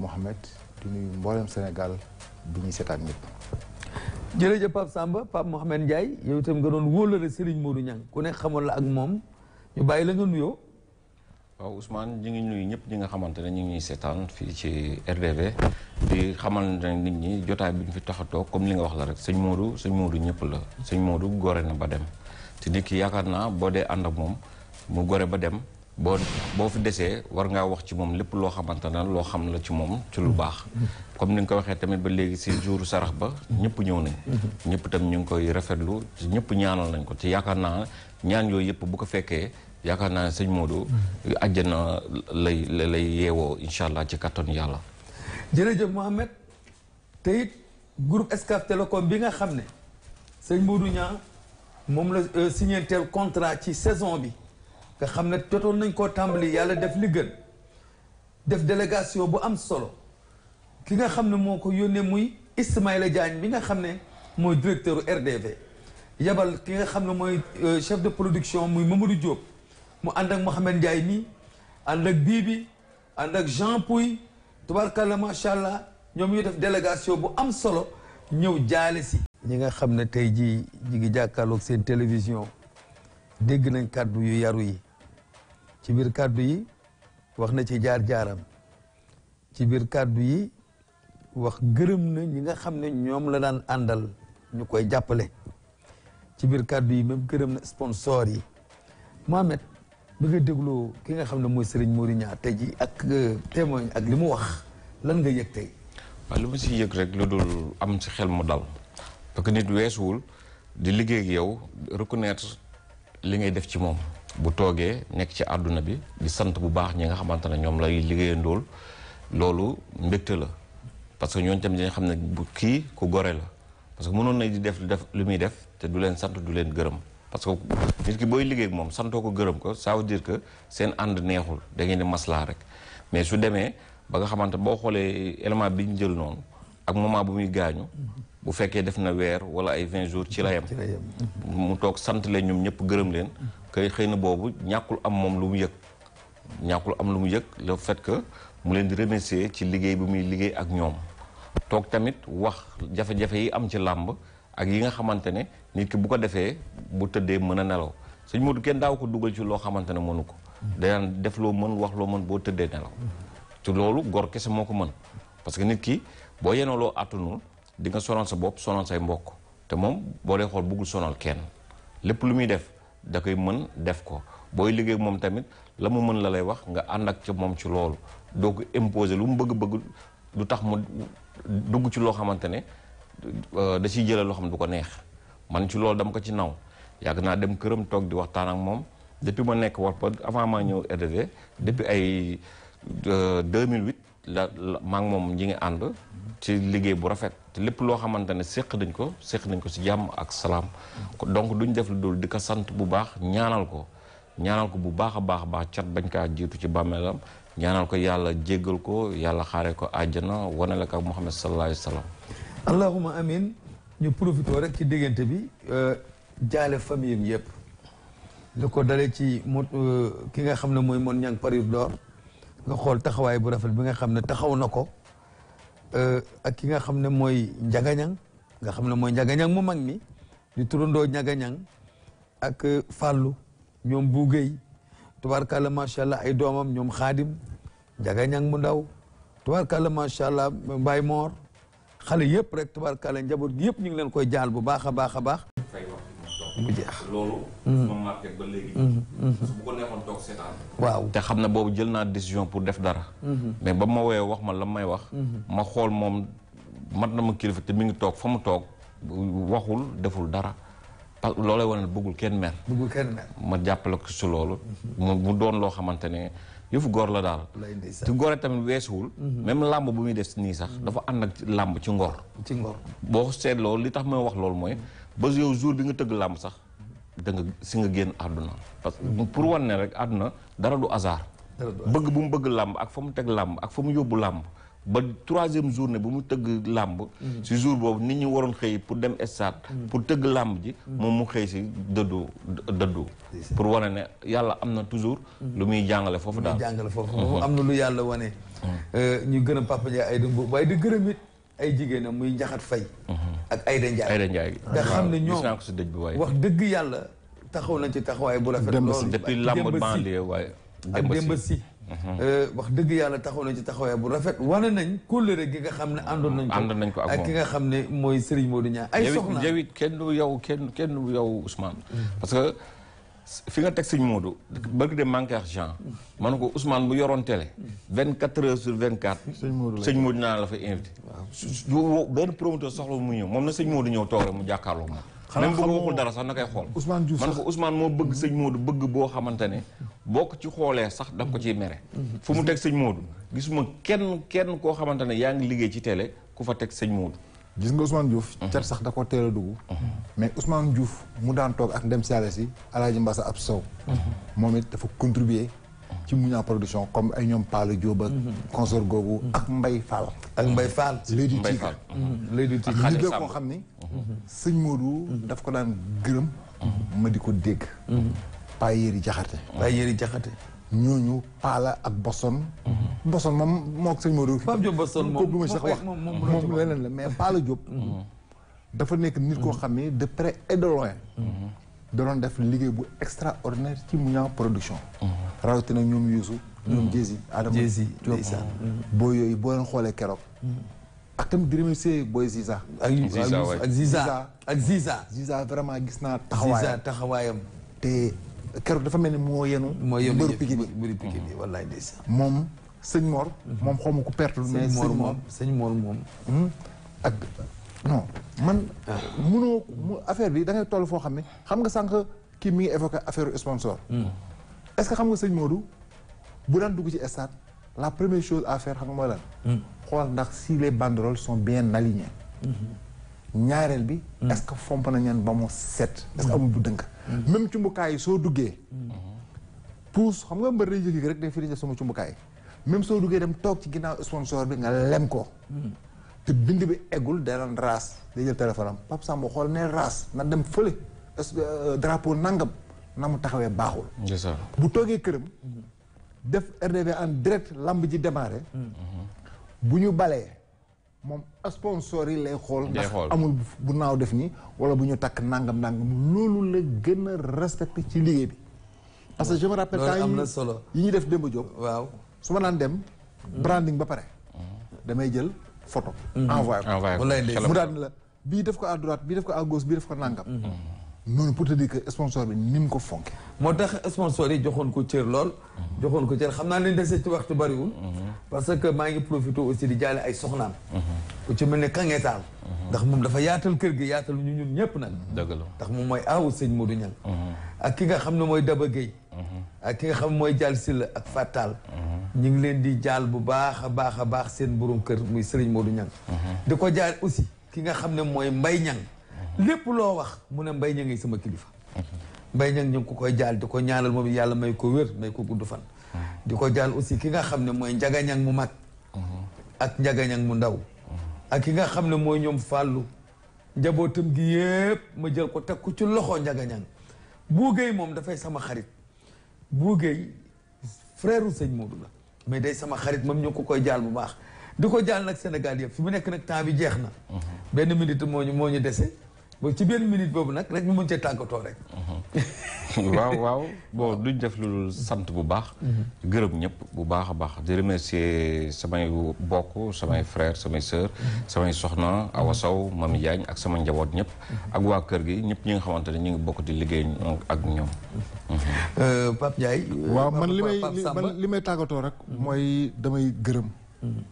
Mouhamed di nuyu mboolem Sénégal du ñuy seetaan ñëpp. jërëjëf Pape Samba Pape Mouhamed Ndiaye yow itam nga doon wóolale Serigne Modou ñan ku nekk xamoon la ak moom ñu bàyyi la nga nuyoo. waaw Ousmane ñu ngi nuyu ñëpp ñi nga xamante ne ñu ngi ñuy seetaan fii ci RDV di xamal ne nit ñi jotaay bi ñu fi tax a comme li nga wax la rek sëñ Modou sëñ Modou ñëpp la sëñ Modou gore na ba dem te nit ki yaakaar naa boo dee ànd ak moom mu gore ba dem. boo boo fi desee war ngaa wax ci moom lépp loo xamante ne loo xam la ci moom ci lu baax comme ni nga ko waxee tamit ba léegi si jour sarax ba ñëpp ñëw nañ ñëpp itam ñu ngi koy rafetlu ñëpp ñaanal nañ ko ci yaakaar naa ñaan yooyu yëpp bu ko fekkee yaakaar naa ne sëñ Modou àjjana lay lay yeewoo incha allah ci kattan yàlla jërëjëf Mohamed te it groupe Excaf bi nga xam ne sëñ Modou Niang moom la euh, signé contrat ci saison bi nga xam ne jotoon nañ koo tàmbali yàlla def li gën def délégation bu am solo ki nga xam ne moo ko yónnee muy Ismaïla Diagne bi nga xam ne mooy directeur RDV yabal ki nga xam ne mooy euh, chef de production muy Mamadou Diop mu ànd ak Mouhamed Ndiaye nii ànd ak Bibi ànd ak Jean Pouy tubaarkalla macha allah ñoom ñu def délégation bu am solo ñëw jaale si. ñi nga xam ne tey jii ñu ngi jàkkaarloog seen télévision dégg nañ kàddu yu yaru yi. ci biir kàddu yi wax na ci jaar-jaaram ci biir kàddu yi wax gërëm na ñi nga xam ne ñoom la daan àndal ñu koy jàppale ci biir kàddu yi même gërëm na sponsor yi Mohamed bi nga dégloo ki nga xam ne mooy sëriñ Mori Niang tey ji ak euh, témoin ak li mu wax lan nga yëg tey waaw li ma si yëg rek lu dul am si xel mu dal parce que nit weesuwul di liggéey yow reconnaître li ngay def ci moom bu toogee nekk ci àdduna bi di sant bu baax ñi nga xamante ne ñoom lay liggéeyandool loolu mbégte la parce que ñooñu tamit dañu xam ne bu kii ku gore la parce que mënoon na di def def lu muy def te du leen sant du leen gërëm parce que nit ki booy liggéey moom santoo ko gërëm ko ça veut dire que seen ànd neexul da ngeen di maslaa rek mais su demee ba nga xamante boo xoolee élément bi ñu jël noonu ak moment bu muy gaañu bu fekkee def na weer wala ay 20 jours ci la yem toog sant leen ñoom ñëpp gërëm leen kay xëy na boobu ñàkkul am moom lu mu yëg ñàkkul am lu mu yëg le fait que mu leen di remercier ci liggéey bi muy liggéey ak ñoom toog tamit wax jafe-jafe yi am ci làmb ak yi nga xamante ne nit ki bu ko defee bu tëddee mën a nelaw sëñ Modou kenn daaw ko dugal ci loo xamante ne mënu ko danaan def loo mën wax loo mën boo tëddee nelaw ci loolu gor kese moo ko mën parce que nit ki boo yenoo loo àttanul di nga sonal sa bopp sonal say mbokk te moom boo dee xool bëggul sonal kenn lépp lu muy def da koy mën def ko booy liggéey moom tamit la mu mën la lay wax nga ànd ak ca moom ci loolu doo ko imposer lu mu bëgg-bëgg du tax mu dugg ci loo xamante ne euh, da ciy jëlee loo xam du ko neex man ci loolu dama ko ci naw yàgg naa dem këram toog di waxtaan ak moom depuis ma nekk Warpa avant maa ñëw RDV depuis ay 2008 euh, la maa moom ñi nga ànd ci liggéey bu rafet te lépp loo xamante ne séq dañ ko séq dañ ko si jàmm ak salaam donc duñ def lu dul di ko sant bu baax ñaanal ko ñaanal ko bu baax a baax a baax cat bañ kaa jiitu ci bàmmeelam ñaanal ko yàlla jéggal ko yàlla xaare ko àjjana wane la ko ak Muhammad sallallahu alayhi wa sallam allahuma amin ñu profité rek ci diggante bi euh, jaale famille am yëpp ko dalee ci mot euh, ki nga xam ne mooy mon ñang Paris d'or nga xool taxawaay bu rafet bi nga xam ne taxaw na ko euh, ak ki nga xam ne mooy njagañang nga xam ne mooy njagañang mu mag mi di turandoo njagañang ak euh, fàllu ñoom buugéey tubaarkàlla macha allah ay doomam ñoom xaadim njagañang mu ndaw tubaarkàlla macha allah mbay moor xale yëpp rek tubaarkàlla njaboot gi yëpp ñu ngi leen koy jaal bu baax a baax a baax mu jeex mm-hmm. mm-hmm. Mm-hmm. te xam na boobu jël naa décision pour def dara. mais ba ma woowee wax ma la may wax. ma xool moom mat na ma kilifa te mi ngi toog fa mu toog waxul deful dara. parce que loolay wane kenn mer. kenn ma jàppale si loolu. mu doon loo xamante ne yëfu góor la daal. te góor tamit weesuwul. même làmb bu muy def nii sax. dafa ànd ak làmb ci ngor. ci ngor boo seet loolu li tax may wax loolu mooy. ba yow jour bi nga tëgg làmb sax da si nga génn àdduna parce que pour wan ne rek àdduna dara du hasard bëgg bu mu bëgg làmb ak fa mu teg làmb ak fa mu yóbbu làmb ba troisième journée bu mu tëgg làmb mm-hmm. si jour boobu nit ñi waroon xëy pour dem stade mm-hmm. pour tëgg làmb ji mm-hmm. moom mu xëy si dëddu dëddu pour wane ne yàlla am na toujours lu muy jàngale foofu daal jàngale foofu am na lu yàlla wane euh, ñu gërëm Papa Ndiaye ay dumbu waaye di gërëm it ay jigéenam muy njaxat fay mm-hmm. ak Ayda Ndiaye Ayda Ndiaye nga xam ne ñoom wax dëgg yàlla taxaw nañ ci taxawaay bu rafet lool depuis lamb banlieue waaye ak démba si mm-hmm. euh, wax dëgg yàlla taxaw nañ ci taxawaay bu rafet wala nañ kóllëre gi nga xam ne àndoon nañ ko àndoon nañ ko ak ki nga xam ne mooy Serigne Modou Niang ay soxna kenn du yow kenn kenn du yow Ousmane mm. parce que fi nga teg sëñ Modou bëgg de manqué argent man ko usman bu yoroon télé vingt quatre heures sur vingt quatre sëñ Modou la fa invité waaw benn promoteur mu ñëw moom na sëñ Modou ñëw toog mu jàkkaarloo moom même bu ko waxul dara sax na koy xool Ousmane Diouf man ko moo bëgg sëñ Modou bëgg boo xamante ne boo ko ci xoolee sax da ko ciy mere mhm. fu mu teg sëñ Modou gisuma kenn kenn koo xamante ne yaa ngi liggéey ci télé ku fa teg sëñ Modou gis nga Ousmane Diouf. Mhm. cat sax da ko teel a mhm. mais Ousmane Diouf mu daan toog ak ndem si yàlla si Alaaji Mbasa ab sow. Mhm. moom it dafa contribuer ci Mouniang production comme ay ñoom Paala Diop ak. consort googu ak Mbay Fall. ak Mbay Fall léegi Mbay léegi ci koo xam ni. sëñ Modou daf ko daan gërëm. ma di ko dégg. Paa Yéri Jaxate. Paa Yéri Jaxate. ñooñu Paala ak Boson. Boson moom moo ko sëñ Modou. Pape Diop Boson moom moom wax moom leneen la mais Paala Diop. Mm-hmm. dafa nekk nit koo xam ne de près et de loin. Mm-hmm. da doon def liggéey bu extraordinaire ci Mouniang production. Mm-hmm. rawatina ñoom Youssou. ñoom Jési Adama Jési Diop boo yooyu boo leen xoolee keroog. ak tam Birame Seye booy Ziza. ak Ziza ak Ziza ak Ziza. Ziza vraiment gis naa taxawaayam Ziza taxawaayam te. keroog dafa mel ni moo yenu mbëru piki bi wallaay ndeysaan moom sëñ Mor moom xaw ma ko pertul mais sëñ Mor sëñ Mor moom hmm? ak non man ah. munoo affaire bi da ngay toll foo xam ne xam nga sànq kii mi ngi évoqué affaire sponsor hmm. est-ce xam nga sëñ Modou bu daan dugg ci stade la première chose affaire faire xam nga mooy lan hmm. xool ndax si les banderoles sont bien alignées ñaareel bi est-ce que fomp na ñeen ba mu set est amul bu dënk même cumbukaay yi soo duggee puus xam nga mbër day yëg rek day firi sama cumbukaay même soo duggee dem toog ci ginnaaw sponsor bi nga lem ko te bind bi eggul day naan raas day jël téléphone am Pape Samb xool ne raas na dem fële euh, drapeau nangam na mu taxawee baaxul bu toogee këram def RDV en direct lamb ji démarré mm-hmm. bu ñu balee moom sponsor yi lay xool ndax amul bu naaw def nii wala bu ñu takk nangam nangam loolu la gën a respecté ci liggéey bi parce que je me am na solo yi ñu def démb jóg waaw su naan dem hmm. branding ba pare damay jël photo hmm. envoyé ko mu daal ni la bii def ko à droite def ko à gauche def ko nangam hmm. noonu pour te ni ko fonke moo tax sponsor yi joxoon ko cër lool joxoon ko cër xam naa ne dese ci waxtu bariwul parce que maa ngi profité aussi di jaale ay soxnaam ku ci mel ne Kange Tall ndax moom dafa yaatal kër gi yaatal ñu ñun ñëpp nag dëgg la ndax moom mooy aawu sëñ du Niang mhm. ak ki nga xam ne mooy Daba Gueye mhm. ak ki nga xam mooy Dial Silla ak Fatal mhm. ñu ngi leen di jaal bu baax a baax a baax seen borom kër muy Serigne Modou Niang di ko jaal aussi ki nga xam ne mooy mbay Niang lépp loo wax mu ne Mbaye Niang ngi sama kilifa Mbaye Niang ñu ngi ko koy jaal di ko ñaanal moom yàlla may ko wér may ko gudd fan di ko jaal aussi ki nga xam ne mooy Njaga mu mag ak Njaga mu ndaw ak ki nga xam ne mooy ñoom fàllu njabootam gi yépp ma jël ko teg ko ci loxo njagañan njagañang buugéey moom dafay sama xarit buugéey frère u sëñ Modou la mais day sama xarit moom ñu ko koy jaal bu baax di ko jaal nag Sénégal yëpp fi mu nekk nag temps bi jeex na mhm. benn minute moo ñu moo ñu dese bo ci benn minute boobu nag rek ñu mën cee tàggatoo rek. waaw waaw bon duñ def lu sant bu baax. Mhm. gërëm ñëpp bu baax a baax di remercier samay bokk samay frair samay sœurs. Mhm. samay soxna Awa mhm. Sow Mami Diagne ak sama njaboot ñëpp. ak waa kër gi ñëpp ñu nga xamante ne ñu ngi bokk di liggéey ak ñoom. Euh, Pape Ndiaye. Euh, waaw man li may man li may tàggatoo rek. mooy damay gërëm.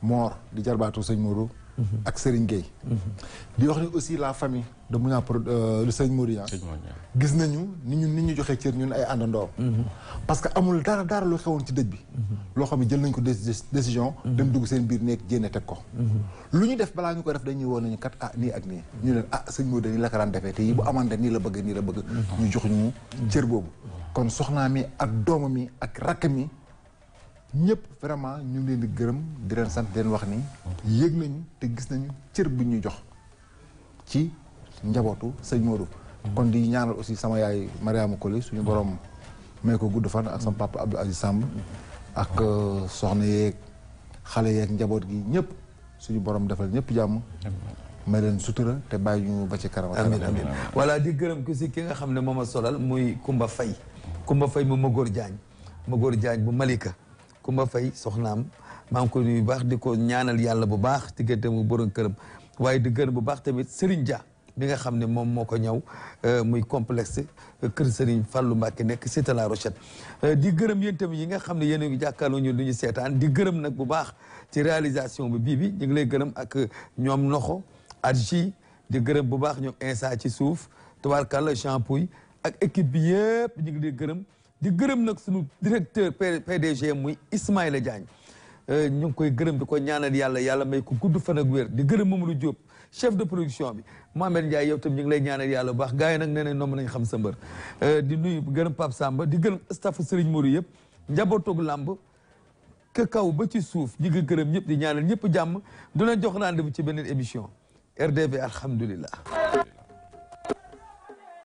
Moor di jarbaatu sëñ Mourou. Mm-hmm. ak Serigne Gueye. Mm-hmm. di wax ni aussi la famille de Mouniang Pro euh, de Serigne Mouniang ah. gis nañu ni ñun ni ñu joxe cër ñun ay àndandoo. Mm-hmm. parce que amul dara dara lu xewoon ci dëj bi. loo xam ne jël nañ ko décision. dem dugg seen biir néeg jénne teg ko. lu ñu def balaa ñu ko def dañuy woon nañu kat ah nii ak nii. ñu leen ah sëñ Modou nii la ko daan defee te yi bu amande nii la bëgg nii la bëgg. ñu jox ñu cër boobu. kon soxnaa mi ak dooma mi ak rakk mi. ñëpp vraiment ñu ngi leen di gërëm di leen sant leen wax ni yëg nañu te gis nañu cër bu ñu jox ci njabootu sëñ Modou kon di ñaanal aussi sama yaay Mariama Koli suñu borom may ko gudd fan ak sama papa Abdou Aziz Samb ak ah. euh, soxna yeeg xale yeeg njaboot gi ñëpp suñu borom defal ñëpp jàmm may leen sutura te bàyyi ñu ba ci kanam amiin amiin di gërëm ku si ki nga xam ne moom mooma solal muy Kumba Fay Kumba Fay mu Magor Jaañ Magor Jaañ bu Malika Kumba Fay soxnaam maa ngi ko bu baax di ko ñaanal yàlla bu baax diggante mu borom këram waaye di gën bu baax tamit Serigne Dia bi nga xam ne moom moo ko ñëw euh, muy complexe euh, kër Serigne Fallou Mbacke nekk Cité La Rochette euh, di gërëm yéen yi nga xam ne yéen a ngi jàkkaarloo ñu lu ñu seetaan di gërëm nag bu baax ci réalisation bi bii bi ñu ngi lay gërëm ak ñoom noxo adji di gërëm bu baax ñoom insa ci suuf tubaarkàlla champuy ak équipe bi yëpp ñu ngi lay gërëm di gërëm nag suñu directeur PDG muy Ismaïla Diagne euh, ñu ngi koy gërëm di ko ñaanal yàlla yàlla may ko gudd fan ak wér di gërëm Mamadou Diop chef de production bi Mohamed Ndiaye yow tam ñu ngi lay ñaanal yàlla bu baax gars yi nag nee nañ nomm nañ xam sa mbër euh, di nuyu gërëm Pape Samba di gërëm staff Serigne Mourou yëpp njabootug làmb ke kaw ba ci suuf ñi ngi gërëm ñëpp di ñaanal ñëpp jàmm dina jox rendez-vous ci beneen émission RDV alhamdulilah